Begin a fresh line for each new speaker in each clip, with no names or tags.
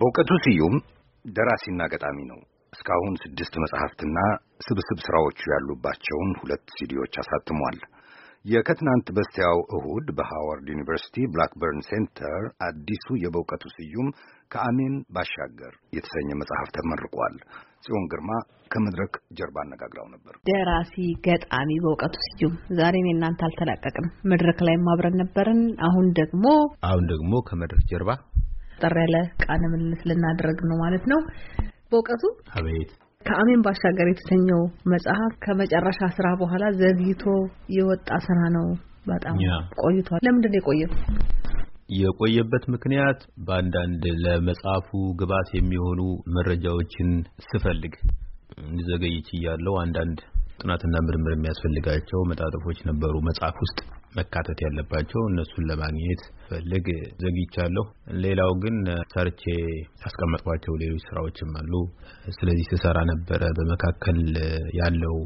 በእውቀቱ ስዩም ደራሲና ገጣሚ ነው። እስካሁን ስድስት መጽሐፍትና ስብስብ ሥራዎቹ ያሉባቸውን ሁለት ሲዲዎች አሳትሟል። የከትናንት በስቲያው እሁድ በሃዋርድ ዩኒቨርሲቲ ብላክበርን ሴንተር አዲሱ የበውቀቱ ስዩም ከአሜን ባሻገር የተሰኘ መጽሐፍ ተመርቋል። ጽዮን ግርማ ከመድረክ ጀርባ አነጋግራው ነበር።
ደራሲ ገጣሚ በእውቀቱ ስዩም ዛሬም የእናንተ አልተላቀቅም። መድረክ ላይ ማብረን ነበርን። አሁን ደግሞ
አሁን ደግሞ ከመድረክ ጀርባ
ጠር ያለ ቃለ ምልልስ ልናደርግ ነው ማለት ነው። በእውቀቱ አቤት። ከአሜን ባሻገር የተሰኘው መጽሐፍ ከመጨረሻ ስራ በኋላ ዘግይቶ የወጣ ስራ ነው። በጣም ቆይቷል። ለምንድን ነው የቆየው?
የቆየበት ምክንያት በአንዳንድ ለመጽሐፉ ግብዓት የሚሆኑ መረጃዎችን ስፈልግ እንዲዘገይች ያለው አንዳንድ ጥናትና ምርምር የሚያስፈልጋቸው መጣጥፎች ነበሩ መጽሐፍ ውስጥ መካተት ያለባቸው እነሱን ለማግኘት ፈልግ ዘግይቻለሁ። ሌላው ግን ሰርቼ ያስቀመጥኳቸው ሌሎች ስራዎችም አሉ። ስለዚህ ስሰራ ነበረ። በመካከል ያለው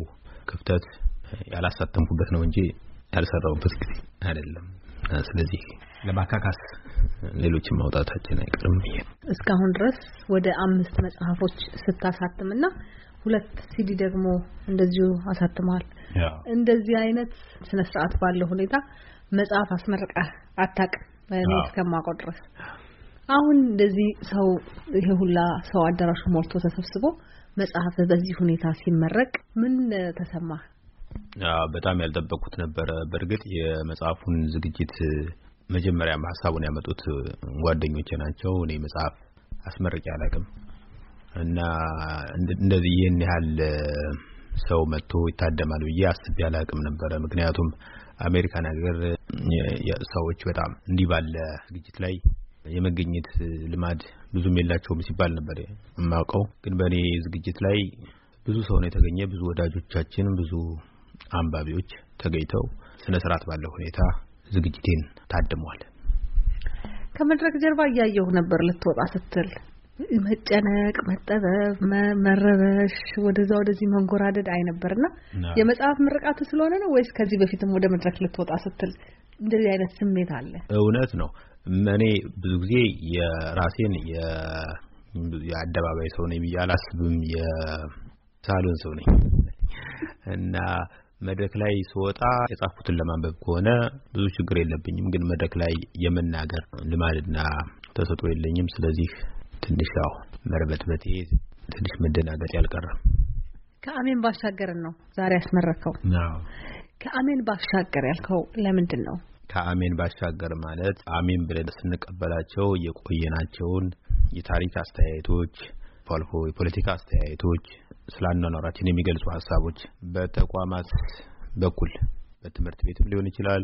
ክፍተት ያላሳተምኩበት ነው እንጂ ያልሰራሁበት ጊዜ አይደለም። ስለዚህ ለማካካስ ሌሎችን ማውጣታችን
አይቀርም። እስካሁን ድረስ ወደ አምስት መጽሐፎች ስታሳትምና ሁለት ሲዲ ደግሞ እንደዚሁ አሳትመዋል። እንደዚህ አይነት ስነ ስርዓት ባለው ሁኔታ መጽሐፍ አስመርቃ አታውቅም እኔ እስከማውቀው ድረስ። አሁን እንደዚህ ሰው ይሄ ሁላ ሰው አዳራሹ ሞልቶ ተሰብስቦ መጽሐፍ በዚህ ሁኔታ ሲመረቅ ምን ተሰማ?
በጣም ያልጠበቁት ነበረ። በእርግጥ የመጽሐፉን ዝግጅት መጀመሪያ ሀሳቡን ያመጡት ጓደኞቼ ናቸው። እኔ መጽሐፍ አስመርቄ አላውቅም። እና እንደዚህ ይህን ያህል ሰው መጥቶ ይታደማል ብዬ አስቤ አላቅም ነበረ። ምክንያቱም አሜሪካን ሀገር ሰዎች በጣም እንዲህ ባለ ዝግጅት ላይ የመገኘት ልማድ ብዙም የላቸውም ሲባል ነበር የማውቀው። ግን በእኔ ዝግጅት ላይ ብዙ ሰው ነው የተገኘ። ብዙ ወዳጆቻችን፣ ብዙ አንባቢዎች ተገኝተው ስነ ስርዓት ባለው ሁኔታ ዝግጅቴን ታድመዋል።
ከመድረክ ጀርባ እያየሁ ነበር ልትወጣ ስትል መጨነቅ፣ መጠበብ፣ መረበሽ፣ ወደዛ ወደዚህ መንጎራደድ አይነበርና የመጽሐፍ ምርቃት ስለሆነ ነው ወይስ ከዚህ በፊትም ወደ መድረክ ልትወጣ ስትል እንደዚህ አይነት ስሜት አለ?
እውነት ነው። እኔ ብዙ ጊዜ የራሴን የአደባባይ ሰው ነኝ ብዬ አላስብም። የሳሎን ሰው ነኝ እና መድረክ ላይ ስወጣ የጻፍኩትን ለማንበብ ከሆነ ብዙ ችግር የለብኝም። ግን መድረክ ላይ የመናገር ልማድና ተሰጥኦ የለኝም። ስለዚህ ትንሽ ያው መርበትበቴ ትንሽ መደናገጥ ያልቀረም
ከአሜን ባሻገርን ነው ዛሬ ያስመረከው። ከአሜን ባሻገር ያልከው ለምንድን ነው?
ከአሜን ባሻገር ማለት አሜን ብለን ስንቀበላቸው የቆየናቸውን የታሪክ አስተያየቶች አልፎ የፖለቲካ አስተያየቶች ስላኗኗራችን የሚገልጹ ሀሳቦች በተቋማት በኩል በትምህርት ቤትም ሊሆን ይችላል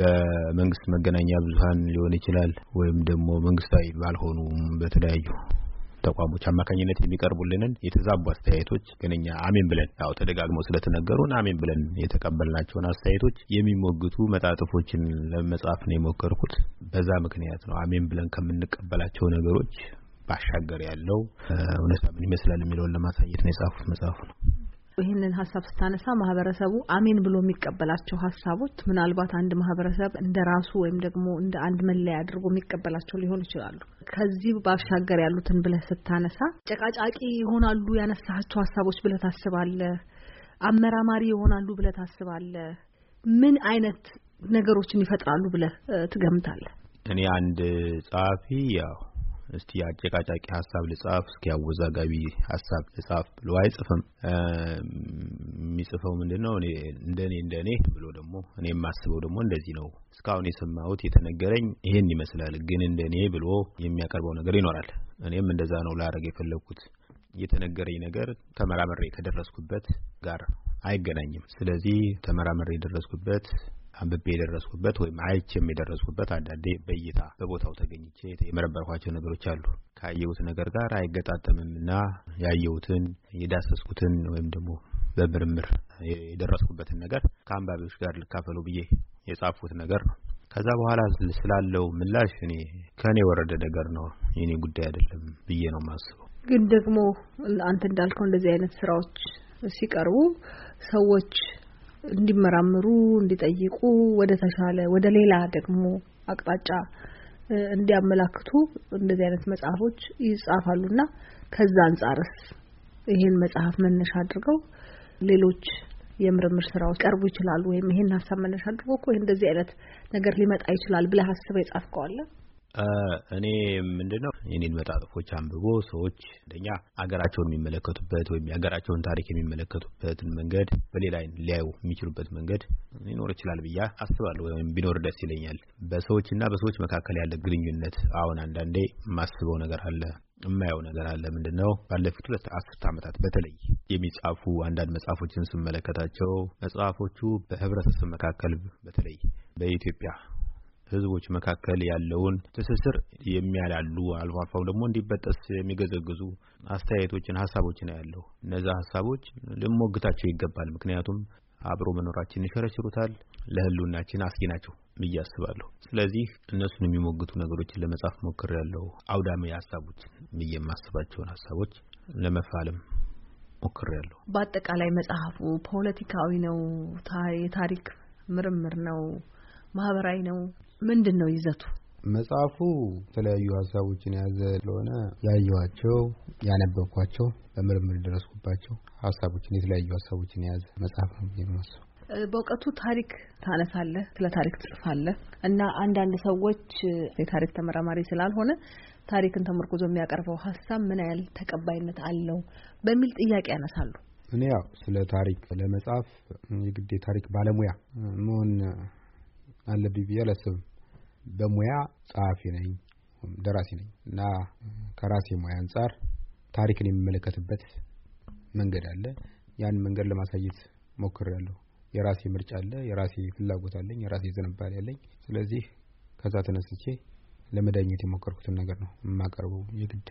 በመንግስት መገናኛ ብዙሃን ሊሆን ይችላል ወይም ደግሞ መንግስታዊ ባልሆኑ በተለያዩ ተቋሞች አማካኝነት የሚቀርቡልንን የተዛቡ አስተያየቶች ግን እኛ አሜን ብለን ያው ተደጋግመው ስለተነገሩን አሜን ብለን የተቀበልናቸውን አስተያየቶች የሚሞግቱ መጣጥፎችን ለመጻፍ ነው የሞከርኩት። በዛ ምክንያት ነው አሜን ብለን ከምንቀበላቸው ነገሮች ባሻገር ያለው እውነታ ምን ይመስላል የሚለውን ለማሳየት ነው የጻፉት መጽሐፉ
ነው። ይህንን ሀሳብ ስታነሳ ማህበረሰቡ አሜን ብሎ የሚቀበላቸው ሀሳቦች ምናልባት አንድ ማህበረሰብ እንደ ራሱ ወይም ደግሞ እንደ አንድ መለያ አድርጎ የሚቀበላቸው ሊሆኑ ይችላሉ። ከዚህ ባሻገር ያሉትን ብለህ ስታነሳ ጨቃጫቂ ይሆናሉ ያነሳቸው ሀሳቦች ብለህ ታስባለህ? አመራማሪ ይሆናሉ ብለህ ታስባለህ? ምን አይነት ነገሮችን ይፈጥራሉ ብለህ ትገምታለህ?
እኔ አንድ ጸሐፊ ያው እስቲ አጨቃጫቂ ሀሳብ ልጻፍ፣ እስኪ አወዛጋቢ ሀሳብ ልጻፍ ብሎ አይጽፍም። የሚጽፈው ምንድን ነው? እንደኔ እንደኔ ብሎ ደግሞ እኔ የማስበው ደግሞ እንደዚህ ነው፣ እስካሁን የሰማሁት የተነገረኝ ይሄን ይመስላል፣ ግን እንደኔ ብሎ የሚያቀርበው ነገር ይኖራል። እኔም እንደዛ ነው ላደርግ የፈለግኩት። የተነገረኝ ነገር ተመራመሬ ከደረስኩበት ጋር አይገናኝም። ስለዚህ ተመራመሬ የደረስኩበት አንብቤ የደረስኩበት ወይም አይቼም የደረስኩበት አንዳንዴ በእይታ በቦታው ተገኝቼ የመረመርኳቸው ነገሮች አሉ። ካየሁት ነገር ጋር አይገጣጠምም እና ያየሁትን የዳሰስኩትን ወይም ደግሞ በምርምር የደረስኩበትን ነገር ከአንባቢዎች ጋር ልካፈሉ ብዬ የጻፉት ነገር ነው። ከዛ በኋላ ስላለው ምላሽ እኔ ከእኔ የወረደ ነገር ነው፣ የኔ ጉዳይ አይደለም ብዬ ነው የማስበው።
ግን ደግሞ አንተ እንዳልከው እንደዚህ አይነት ስራዎች ሲቀርቡ ሰዎች እንዲመራምሩ፣ እንዲጠይቁ ወደ ተሻለ ወደ ሌላ ደግሞ አቅጣጫ እንዲያመላክቱ እንደዚህ አይነት መጽሐፎች ይጻፋሉና ከዛ አንጻርስ ይሄን መጽሐፍ መነሻ አድርገው ሌሎች የምርምር ስራዎች ቀርቡ ይችላሉ ወይም ይሄን ሀሳብ መነሻ አድርጎ እኮ እንደዚህ አይነት ነገር ሊመጣ ይችላል ብለህ አስበህ አለ?
እኔ ምንድነው የኔን መጣጥፎች አንብቦ ሰዎች እንደኛ አገራቸውን የሚመለከቱበት ወይም የሀገራቸውን ታሪክ የሚመለከቱበትን መንገድ በሌላ አይን ሊያዩ የሚችሉበት መንገድ ሊኖር ይችላል ብዬ አስባለሁ፣ ወይም ቢኖር ደስ ይለኛል። በሰዎችና በሰዎች መካከል ያለ ግንኙነት አሁን አንዳንዴ የማስበው ነገር አለ የማየው ነገር አለ። ምንድነው ባለፉት ሁለት አስርት ዓመታት በተለይ የሚጻፉ አንዳንድ መጽሐፎችን ስመለከታቸው መጽሐፎቹ በህብረተሰብ መካከል በተለይ በኢትዮጵያ ህዝቦች መካከል ያለውን ትስስር የሚያላሉ አልፎ አልፎም ደግሞ እንዲበጠስ የሚገዘግዙ አስተያየቶችን፣ ሀሳቦችን ያለው እነዛ ሀሳቦች ልሞግታቸው ይገባል። ምክንያቱም አብሮ መኖራችን ይሸረሽሩታል፣ ለህልውናችን አስጊ ናቸው ብዬ አስባለሁ። ስለዚህ እነሱን የሚሞግቱ ነገሮችን ለመጻፍ ሞክር ያለው አውዳሚ ሀሳቦችን ብዬ የማስባቸውን ሀሳቦች ለመፋለም ሞክር ያለው።
በአጠቃላይ መጽሐፉ ፖለቲካዊ ነው፣ የታሪክ ምርምር ነው፣ ማህበራዊ ነው፣ ምንድን ነው ይዘቱ?
መጽሐፉ የተለያዩ ሀሳቦችን የያዘ ስለሆነ ያየኋቸው፣ ያነበብኳቸው፣ በምርምር ደረስኩባቸው ሀሳቦችን የተለያዩ ሀሳቦችን የያዘ መጽሐፍ ነው የማስበው።
በእውቀቱ ታሪክ ታነሳለህ፣ ስለ ታሪክ ትጽፋለህ እና አንዳንድ ሰዎች የታሪክ ተመራማሪ ስላልሆነ ታሪክን ተመርኩዞ የሚያቀርበው ሀሳብ ምን ያህል ተቀባይነት አለው በሚል ጥያቄ ያነሳሉ።
እኔ ያው ስለ ታሪክ ለመጻፍ የግዴ ታሪክ ባለሙያ መሆን አለብኝ ብዬ አላስብም። በሙያ ጸሐፊ ነኝ፣ ደራሲ ነኝ እና ከራሴ ሙያ አንጻር ታሪክን የሚመለከትበት መንገድ አለ። ያን መንገድ ለማሳየት ሞክሬያለሁ። የራሴ ምርጫ አለ፣ የራሴ ፍላጎት አለኝ፣ የራሴ ዝንባሌ አለኝ። ስለዚህ ከዛ ተነስቼ ለመዳኘት የሞከርኩትን ነገር ነው የማቀርበው። የግድ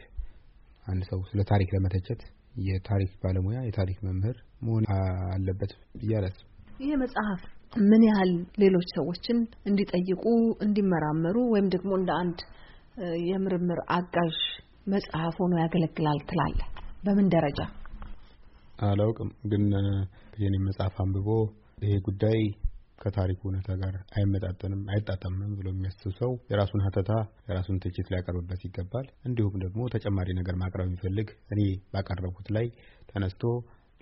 አንድ ሰው ስለ ታሪክ ለመተቸት የታሪክ ባለሙያ የታሪክ መምህር መሆን አለበት ብዬ አላስብም።
መጽሐፍ ምን ያህል ሌሎች ሰዎችን እንዲጠይቁ እንዲመራመሩ ወይም ደግሞ እንደ አንድ የምርምር አጋዥ መጽሐፍ ሆኖ ያገለግላል ትላለህ? በምን ደረጃ
አላውቅም፣ ግን የኔ መጽሐፍ አንብቦ ይሄ ጉዳይ ከታሪኩ እውነታ ጋር አይመጣጠንም፣ አይጣጠምም ብሎ የሚያስብ ሰው የራሱን ሀተታ የራሱን ትችት ሊያቀርብበት ይገባል። እንዲሁም ደግሞ ተጨማሪ ነገር ማቅረብ የሚፈልግ እኔ ባቀረብኩት ላይ ተነስቶ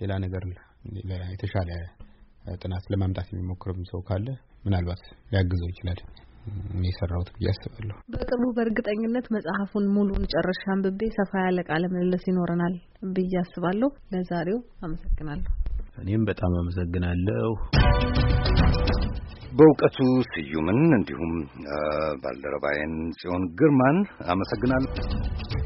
ሌላ ነገር የተሻለ ጥናት ለማምጣት የሚሞክርም ሰው ካለ ምናልባት ሊያግዘው ይችላል የሰራሁት ብዬ አስባለሁ።
በቅርቡ በእርግጠኝነት መጽሐፉን ሙሉን ጨርሼ አንብቤ ሰፋ ያለ ቃለ ምልልስ ይኖረናል ብዬ አስባለሁ። ለዛሬው አመሰግናለሁ።
እኔም በጣም አመሰግናለሁ። በእውቀቱ ስዩምን እንዲሁም ባልደረባዬን ጽዮን ግርማን አመሰግናለሁ።